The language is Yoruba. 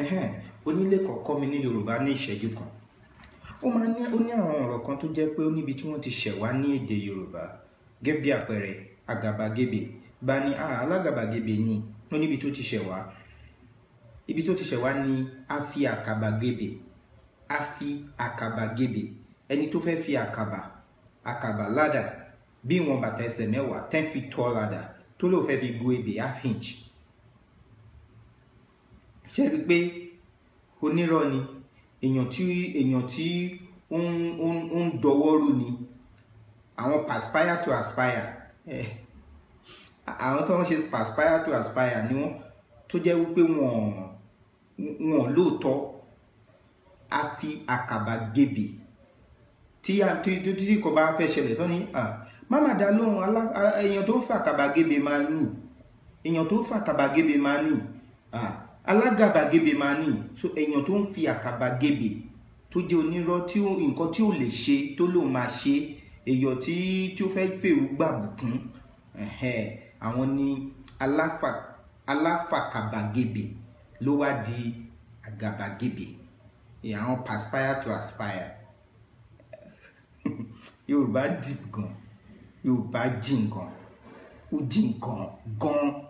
ẹ̀hẹ́n onílé kọ̀ọ̀kọ́ mi ní yorùbá ní ìṣẹ́jú kan ó máa ní ó ní àwọn ọ̀rọ̀ kan tó jẹ́ pé ó níbi tí wọ́n ti ṣẹ̀ wá ní èdè yorùbá gẹ́gẹ́ bí àpẹẹrẹ àgàbàgebè bá ní alágàbàgebè ni ó níbi tó ti ṣẹ̀ ibi tó ti ṣẹ̀ ni a fi àkàbàgebè a fi àkàbàgebè ẹni tó fẹ́ fi àkàbà àkàbà ládà bí ìwọ̀n bàtà ẹsẹ̀ mẹ́wàá ten feet tall ládà tó lóò fẹ́ fi gun ebè half inch ṣe rí pé onírọ́ ni èèyàn tí èèyàn tí ó ń dọwọ́ rú ni àwọn perspire to aspire eh, àwọn tó ń ṣe perspire to aspire ni wọ́n tó jẹ́ wípé wọ́n wọ́n lóòótọ́ a fi àkàbà gèbè tí tí kò bá fẹ́ ṣẹlẹ̀ tó ní máma dá lóhùn èèyàn tó ń fà àkàbà gèbè máa nì èèyàn tó ń fà àkàbà gèbè máa nì alágàbàgebè máa ní so èèyàn tó ń fi àkàbàgebè tó jẹ́ onírọ́ tí nǹkan tí ò lè ṣe tó lòun máa ṣe èèyàn tí tí ó fẹ́ fèrú gbàbùkún àwọn ni aláfàkàbàgebè ló wá di àgàbàgebè àwọn perspire to aspire yorùbá deep gan yorùbá jìn ó jìn gan.